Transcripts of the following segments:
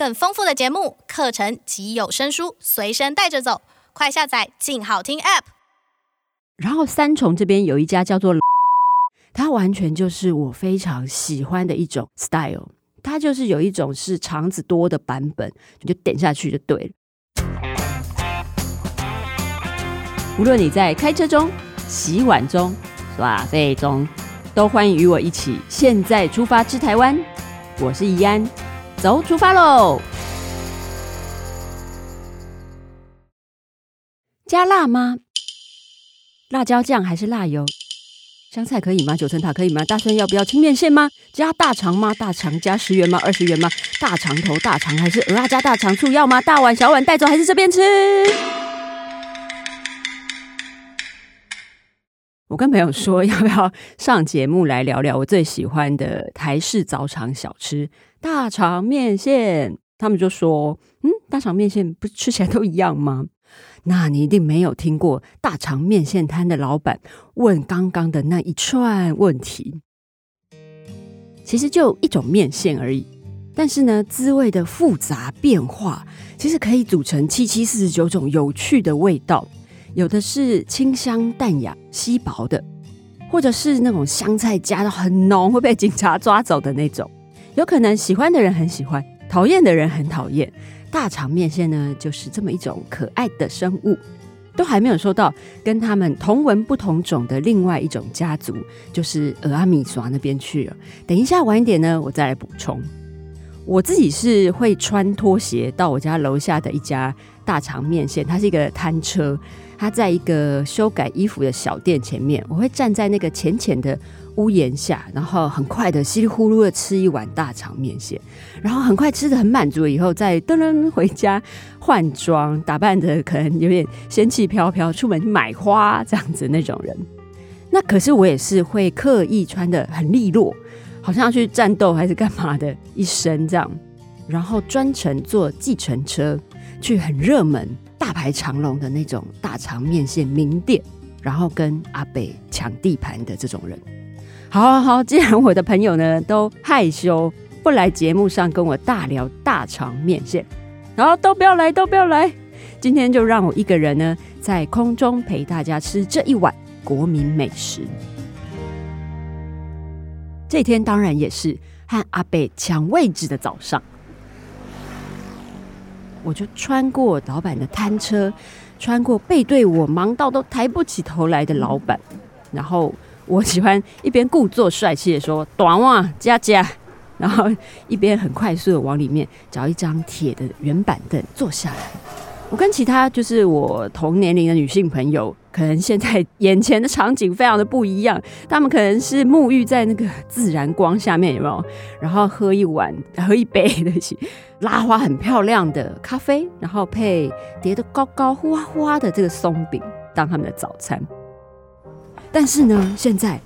更豐富的節目、課程及有聲書隨身帶着走，快下載靜好聽 App。然後三重這邊有一家叫做，它完全就是我非常喜歡的一種 style，它就是有一種是腸子多的版本，你就點下去就對了。無論你在開車中、洗碗中、刷杯中，都歡迎與我一起現在出發吃台灣，我是怡安。走，出發嘍！加辣嗎？辣椒醬還是辣油？香菜可以嗎？九層塔可以嗎？大蒜要不要？清麵線嗎？加大腸嗎？大腸加十元嗎？二十元嗎？大腸頭大腸還是蚵仔？加大腸醋要嗎？大碗小碗帶走還是這邊吃？我跟朋友說要不要上節目來聊聊我最喜歡的台式早場小吃大腸麵線，他們就說：嗯，大腸麵線不吃起來都一樣嗎？那你一定沒有聽過大腸麵線攤的老闆問剛剛的那一串問題。其實就一種麵線而已，但是呢，滋味的複雜變化其實可以組成七七四十九種有趣的味道。有的是清香淡雅，稀薄的，或者是那種香菜加得很濃，會被警察抓走的那種。有可能喜歡的人很喜歡，討厭的人很討厭。大腸麵線呢，就是這麼一種可愛的生物。都還沒有說到跟他們同文不同種的另外一種家族，就是蚵仔米索，那邊去了。等一下晚一點呢，我再來補充。我自己是會穿拖鞋到我家樓下的一家大腸麵線，它是一個攤車，他在一個修改衣服的小店前面，我會站在那個淺淺的屋檐下，然後很快的稀里呼嚕的吃一碗大腸麵線，然後很快吃的很滿足以後，再噔噔回家換裝打扮的可能有點仙氣飄飄，出門去買花這樣子那種人。那可是我也是會刻意穿的很利落，好像要去戰鬥還是幹嘛的一身這樣，然後專程坐計程車去很熱門，大排長龍的那種大腸麵線名店，然後跟阿伯搶地盤的這種人，好好好，既然我的朋友呢都害羞，不來節目上跟我大聊大腸麵線，好，都不要來，都不要來，今天就讓我一個人呢在空中陪大家吃這一碗國民美食。這天當然也是和阿伯搶位置的早上。我就穿過老板的攤車，穿過背對我忙到都抬不起頭來的老板，然後我喜歡一邊故作帥氣的說“短襪加加”，然後一邊很快速的往裡面找一張鐵的圓板凳坐下來。我跟其他就是我同年齡的女性朋友，可能現在眼前的場景非常的不一樣。她們可能是沐浴在那個自然光下面，有沒有？然後喝一碗、喝一杯那些拉花很漂亮的咖啡，然後配疊得高高嘩嘩啊啊的這個鬆餅當他們的早餐。但是呢，現在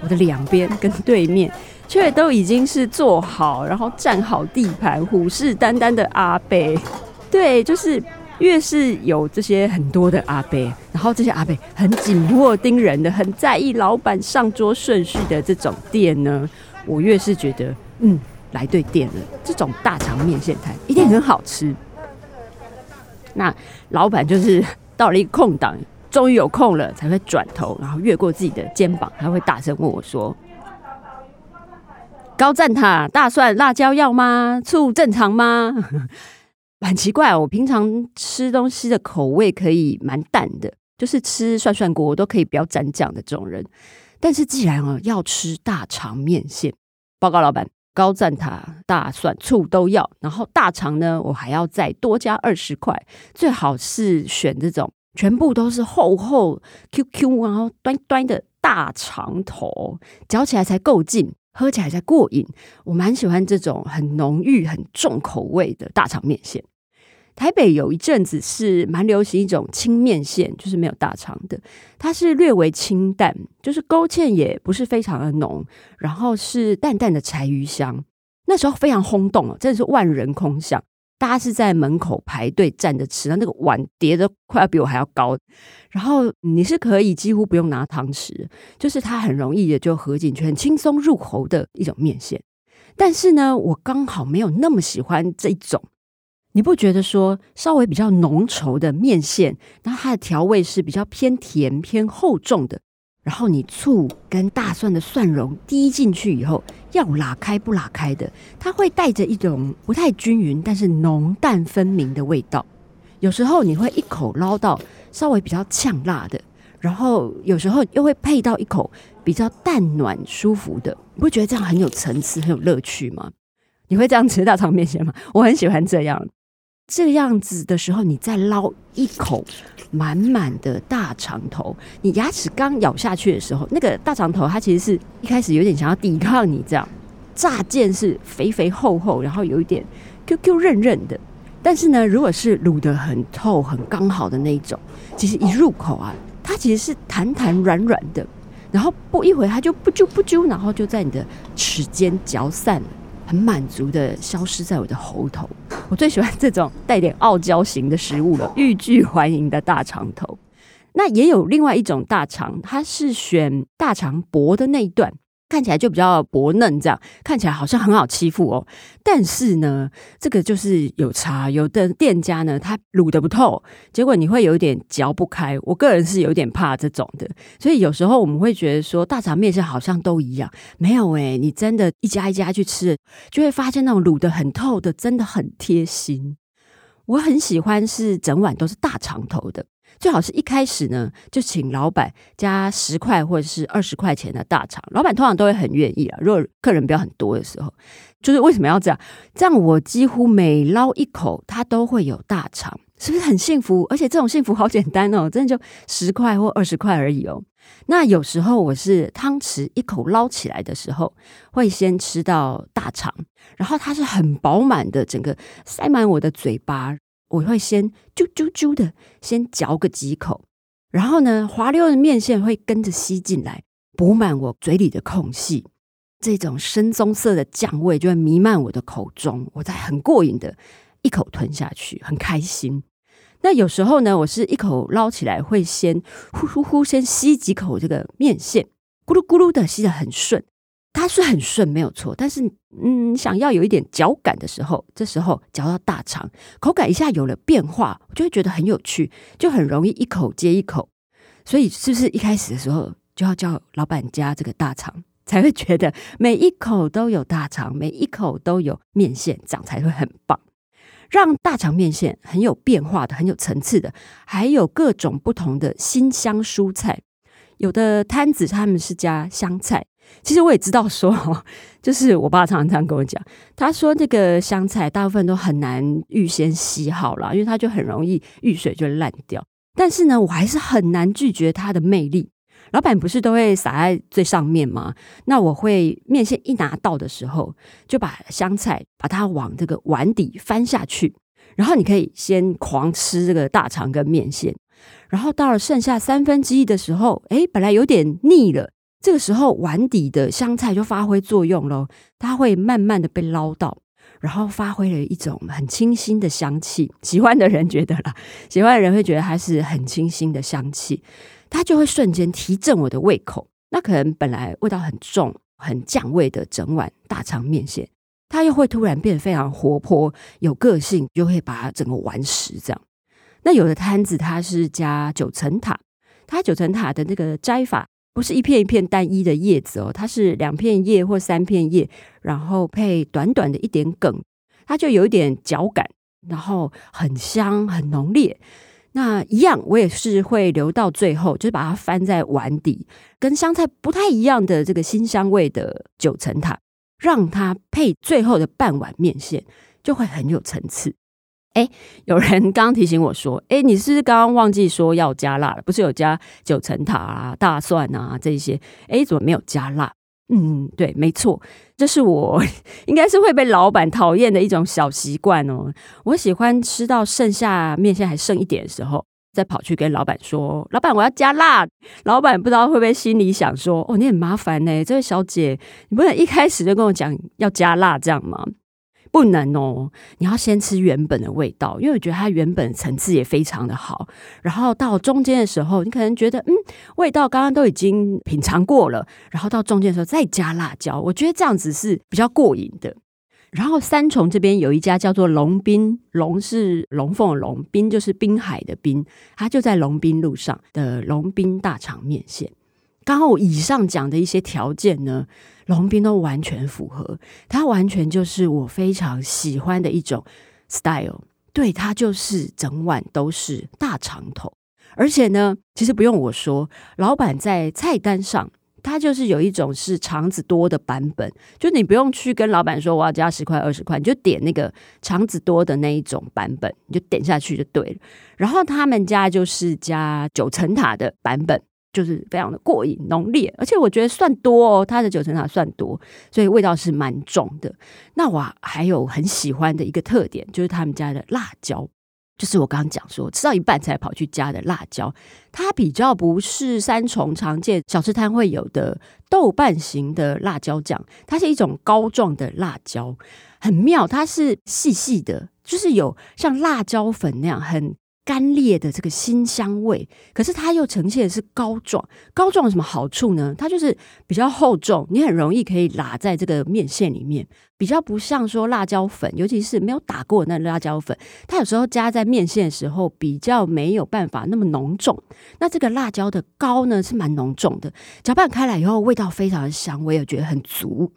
我的兩邊跟對面卻都已經是坐好，然後站好地盤，虎視眈眈的阿伯。對，就是。越是有這些很多的阿伯，然後這些阿伯很緊迫盯人的，很在意老闆上桌順序的這種店呢，我越是覺得，嗯，來對店了，這種大腸麵線攤一定很好吃。那老闆就是到了一個空檔，終於有空了，才會轉頭，然後越過自己的肩膀，他會大聲問我說：“高贊塔大蒜辣椒要嗎？醋正常嗎？” 蠻奇怪、哦，我平常吃東西的口味可以蠻淡的，就是吃涮涮鍋，我都可以不要沾醬的這種人。但是既然、哦、要吃大腸麵線，報告老闆，高贊塔、大蒜醋都要，然後大腸呢，我還要再多加二十塊，最好是選這種全部都是厚厚 QQ 然後端端的大腸頭，嚼起來才夠勁。喝起來才過癮，我蠻喜歡這種很濃郁、很重口味的大腸麵線。台北有一陣子是蠻流行一種清麵線，就是沒有大腸的，它是略為清淡，就是勾芡也不是非常的濃，然後是淡淡的柴魚香。那時候非常轟動哦，真的是萬人空巷。大家是在門口排隊站着吃，然後那個碗疊的快要比我還要高，然後你是可以幾乎不用拿湯匙，就是它很容易的就合進去，很輕鬆入喉的一種麵線。但是呢，我剛好沒有那麼喜歡這一種，你不覺得說稍微比較濃稠的麵線，然後它的調味是比較偏甜偏厚重的？然後你醋跟大蒜的蒜蓉滴進去以後，要拉開不拉開的，它會帶着一種不太均勻，但是濃淡分明的味道。有時候你會一口撈到稍微比較嗆辣的，然後有時候又會配到一口比較淡暖舒服的。你不覺得這樣很有層次，很有樂趣嗎？你會這樣吃大腸麵線嗎？我很喜歡這樣。這樣子的時候，你再撈一口，滿滿的大腸頭。你牙齒剛咬下去的時候，那個大腸頭它其實是一開始有點想要抵抗你，這樣乍見是肥肥厚厚，然後有一點 Q Q 韌韌的。但是呢，如果是滷得很透、很剛好的那一種，其實一入口啊，它其實是彈彈軟軟的，然後不一會它就不揪不揪，然後就在你的齒間嚼散了。很滿足的消失在我的喉頭，我最喜歡這種帶點傲嬌型的食物了，欲拒還迎的大腸頭。那也有另外一種大腸，它是選大腸薄的那一段。看起來就比較薄嫩，這樣看起來好像很好欺負哦。但是呢，這個就是有差，有的店家呢，他滷的不透，結果你會有點嚼不開。我個人是有點怕這種的，所以有時候我們會覺得說大腸麵線好像都一樣，沒有誒、欸，你真的，一家一家去吃，就會發現那種滷的很透的，真的很貼心。我很喜歡是整碗都是大腸頭的。最好是一開始呢，就請老闆加十塊或者是二十塊錢的大腸。老闆通常都會很願意啊。如果客人不要很多的時候，就是為什麼要這樣？這樣我幾乎每撈一口，它都會有大腸，是不是很幸福？而且這種幸福好簡單哦，真的就十塊或二十塊而已哦。那有時候我是湯匙一口撈起來的時候，會先吃到大腸，然後它是很飽滿的，整個塞滿我的嘴巴。我會先啾啾啾的先嚼個幾口，然後呢，滑溜的麵線會跟着吸進來，補滿我嘴裡的空隙。這種深棕色的醬味就會彌漫我的口中，我再很過癮的一口吞下去，很開心。那有時候呢，我是一口撈起來會先呼呼呼先吸幾口這個麵線，咕嚕咕嚕的吸得很順。它是很順，沒有錯。但是，嗯，想要有一點嚼感的時候，這時候嚼到大腸，口感一下有了變化，我就會覺得很有趣，就很容易一口接一口。所以，是不是一開始的時候就要叫老板加這個大腸，才會覺得每一口都有大腸，每一口都有麵線，這樣才會很棒，讓大腸麵線很有變化的，很有層次的，還有各種不同的辛香蔬菜。有的攤子他們是加香菜。其實我也知道說，就是我爸常常這樣跟我講。他說這個香菜大部分都很難預先洗好啦，因為它就很容易遇水就爛掉。但是呢，我還是很難拒絕它的魅力。老闆不是都會撒在最上面嗎？那我會麵線一拿到的時候，就把香菜把它往這個碗底翻下去，然後你可以先狂吃這個大腸跟麵線，然後到了剩下三分之一的時候，誒，本來有點膩了。這個時候，碗底的香菜就發揮作用咯，它會慢慢的被撈到，然後發揮了一種很清新的香氣。喜歡的人覺得啦，喜歡的人會覺得它是很清新的香氣，它就會瞬間提振我的胃口。那可能本來味道很重，很醬味的整碗大腸麵線，它又會突然變得非常活潑，有個性，又會把它整個完食這樣。那有的攤子它是加九層塔，它九層塔的那個摘法，不是一片一片單一的葉子哦，它是兩片葉或三片葉，然後配短短的一點梗，它就有一點嚼感，然後很香很濃烈。那一樣我也是會留到最後，就是把它翻在碗底，跟香菜不太一樣的這個辛香味的九層塔，讓它配最後的半碗麵線，就會很有層次。哎，有人剛剛提醒我說，誒，你是不是剛剛忘記說要加辣了？不是有加九層塔啊、大蒜啊這些？哎，怎麼沒有加辣？嗯，對，沒錯，這是我應該是會被老板討厭的一種小習慣哦。我喜歡吃到剩下麵線還剩一點的時候，再跑去跟老板說：“老板，我要加辣。”老板不知道會不會心裡想說：“哦，你很麻煩呢、欸，這位小姐，你不能一開始就跟我講要加辣這樣嗎？”不能哦，你要先吃原本的味道，因為我覺得它原本層次也非常的好。然後到中間的時候，你可能覺得，嗯，味道剛剛都已經品嘗過了，然後到中間的時候再加辣椒，我覺得這樣子是比較過癮的。然後三重這邊有一家叫做龍濱，龍是龍鳳的龍，濱，就是濱海的濱，它就在龍濱路上的龍濱大腸麵線。剛剛我以上講的一些條件呢？龍斌都完全符合，他完全就是我非常喜歡的一種 style。對，他就是整碗都是大腸頭，而且呢，其實不用我說，老闆在菜單上，他就是有一種是腸子多的版本，就你不用去跟老板說我要加十塊二十塊，你就點那個腸子多的那一種版本，你就點下去就對了。然後他們家就是加九層塔的版本。就是非常的過癮濃烈，而且我覺得算多哦，它的九層塔算多，所以味道是蠻重的。那我、啊、還有很喜歡的一個特點，就是他們家的辣椒，就是我剛剛講說吃到一半才跑去加的辣椒，它比較不是三重常見小吃攤會有的豆瓣型的辣椒醬，它是一種膏狀的辣椒，很妙，它是細細的，就是有像辣椒粉那樣很乾裂的這個辛香味，可是它又呈現的是膏狀。膏狀有什麼好處呢？它就是比較厚重，你很容易可以拉在這個麵線裡面，比較不像說辣椒粉，尤其是沒有打過的那個辣椒粉，它有時候加在麵線的時候比較沒有辦法那麼濃重。那這個辣椒的膏呢，是蠻濃重的，攪拌開來以後，味道非常的香，我也覺得很足。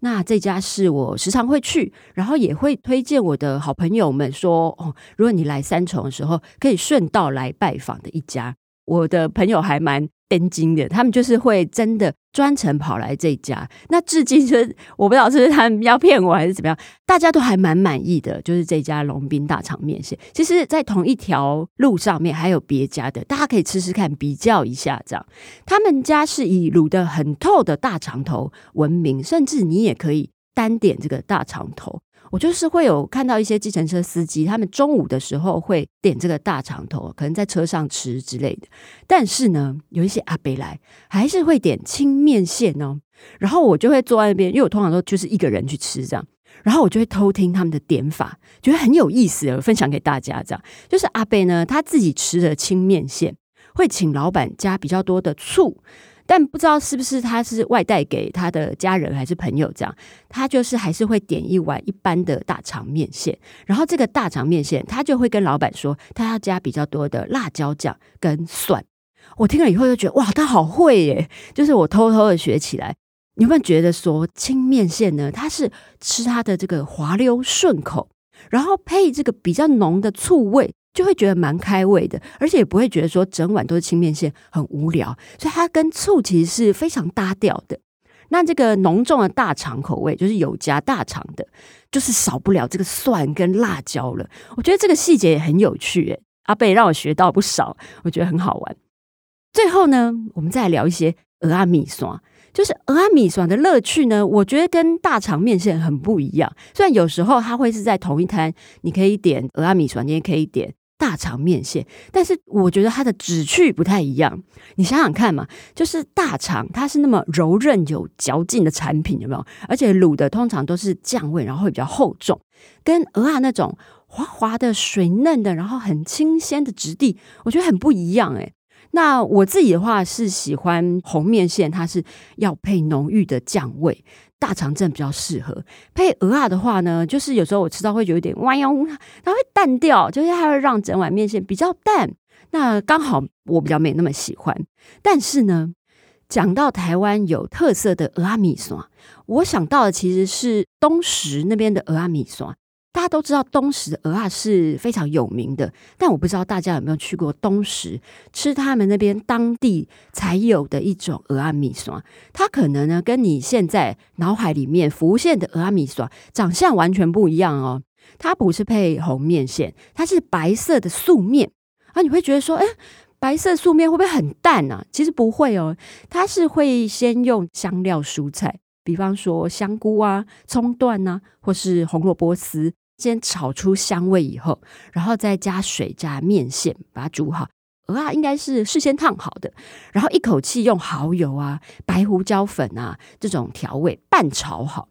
那這家是我時常會去，然後也會推薦我的好朋友們說，哦，如果你來三重的時候，可以順道來拜訪的一家。我的朋友還蠻登金的，他們就是會真的專程跑來這家。那至今，就是我不知道是，是他們要騙我還是怎麼樣，大家都還蠻滿意的，就是這家龍斌大腸麵線。其實，在同一條路上面還有別家的，大家可以吃吃看，比較一下這樣。他們家是以滷得很透的大腸頭聞名，甚至你也可以單點這個大腸頭。我就是會有看到一些計程車司機，他們中午的時候會點這個大腸頭，可能在車上吃之類的。但是呢，有一些阿伯來還是會點清麵線哦。然後我就會坐在那邊，因為我通常都就是一個人去吃這樣。然後我就會偷聽他們的點法，覺得很有意思的，我分享給大家這樣。就是阿伯呢，他自己吃的清麵線會請老板加比較多的醋。但不知道是不是他是外帶給他的家人還是朋友，這樣他就是還是會點一碗一般的大腸麵線，然後這個大腸麵線他就會跟老板說他要加比較多的辣椒醬跟蒜。我聽了以後就覺得哇，他好會耶！就是我偷偷的學起來，你有沒有覺得說清麵線呢？它是吃它的這個滑溜順口，然後配這個比較濃的醋味。就會覺得蠻開胃的，而且也不會覺得說整碗都是清麵線很無聊，所以它跟醋其實是非常搭調的。那這個濃重的大腸口味，就是有加大腸的，就是少不了這個蒜跟辣椒了。我覺得這個細節也很有趣，欸，耶。阿伯讓我學到不少，我覺得很好玩。最後呢，我們再來聊一些蚵仔米酸，就是蚵仔米酸的樂趣呢，我覺得跟大腸麵線很不一樣。雖然有時候它會是在同一攤，你可以點蚵仔米酸，你也可以點。大腸麵線，但是我覺得它的旨趣不太一樣。你想想看嘛，就是大腸它是那麼柔韌有嚼勁的產品，有沒有？而且滷的通常都是醬味，然後會比較厚重，跟蚵仔那種滑滑的、水嫩的，然後很清鮮的質地，我覺得很不一樣誒。那我自己的話是喜歡紅麵線，它是要配濃郁的醬味。大腸症比較適合配蚵仔的話呢，就是有時候我吃到會有一點彎腰，它會淡掉，就是它會讓整碗麵線比較淡。那剛好我比較沒那麼喜歡。但是呢，講到台灣有特色的蚵仔麵線，我想到的其實是東石那邊的蚵仔麵線。大家都知道東石的蚵仔是非常有名的，但我不知道大家有沒有去過東石吃他們那邊當地才有的一種蚵仔麵線。它可能呢跟你現在腦海裡面浮現的蚵仔麵線長相完全不一樣哦、喔。它不是配紅麵線，它是白色的素麵。啊，你會覺得說，哎、欸，白色素麵會不會很淡啊？其實不會哦、喔，它是會先用香料蔬菜，比方說香菇啊、蔥段吶、啊，或是紅蘿蔔絲。先炒出香味以後，然後再加水加面線，把它煮好。蚵仔，應該是事先燙好的，然後一口氣用蠔油啊、白胡椒粉啊這種調味拌炒好，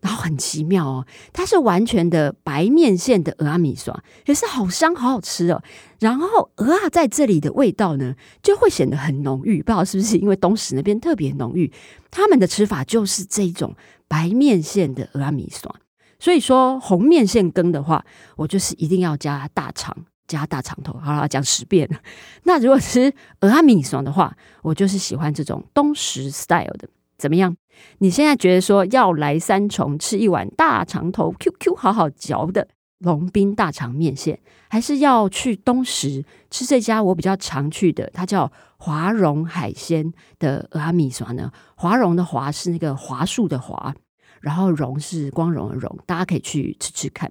然後很奇妙哦，它是完全的白面線的蚵仔米酸，也是好香好好吃哦。然後蚵仔在這裡的味道呢，就會顯得很濃郁，不知道是不是因為東石那邊特別濃郁，他們的吃法就是這種白面線的蚵仔米酸。所以說紅麵線羹的話，我就是一定要加大腸加大腸頭。好啦，講十遍。 那如果是蚵仔麵線的話，我就是喜歡這種東石 style 的。怎麼樣？你現在覺得說要來三重吃一碗大腸頭 QQ 好好嚼的龍兵大腸麵線，還是要去東石，吃這家我比較常去的，它叫華榮海鮮的蚵仔麵線呢？華榮的華是那個華碩的華。然後“榮”是光榮的“榮”，大家可以去吃吃看。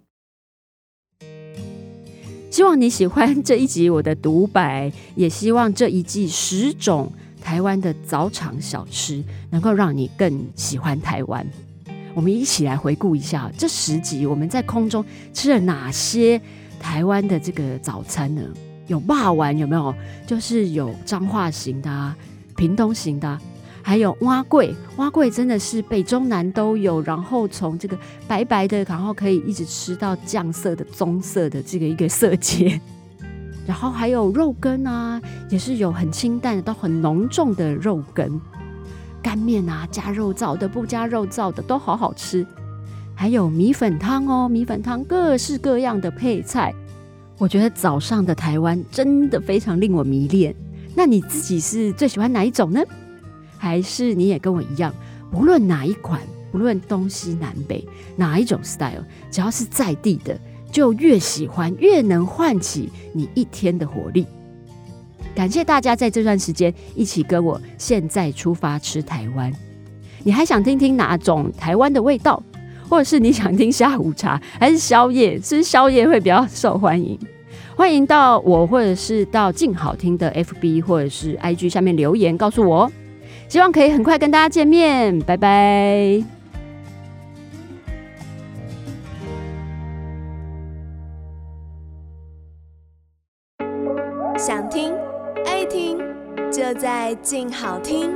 希望你喜歡這一集我的獨白，也希望這一季十種台灣的早場小吃能夠讓你更喜歡台灣。我們一起來回顧一下這十集，我們在空中吃了哪些台灣的這個早餐呢？有肉圓有沒有？就是有彰化型的，啊、屏東型的，啊。還有碗粿，碗粿真的是北中南都有。然後從這個白白的，然後可以一直吃到醬色的、棕色的這個一個色階。然後還有肉羹啊，也是有很清淡的，到很濃重的肉羹乾麵啊，加肉燥的、不加肉燥的都好好吃。還有米粉湯哦，米粉湯各式各樣的配菜。我覺得早上的台灣真的非常令我迷戀。那你自己是最喜歡哪一種呢？還是你也跟我一樣，無論哪一款，無論東西南北，哪一種 style，只要是在地的，就越喜歡，越能喚起你一天的活力。感謝大家在這段時間一起跟我現在出發吃台灣。你還想聽聽哪種台灣的味道，或者是你想聽下午茶，還是宵夜？吃宵夜會比較受歡迎。歡迎到我，或者是到靜好聽的 FB 或者是 IG 下面留言告訴我哦。希望可以很快跟大家見面，拜拜。想聽，愛聽，就在鏡好聽。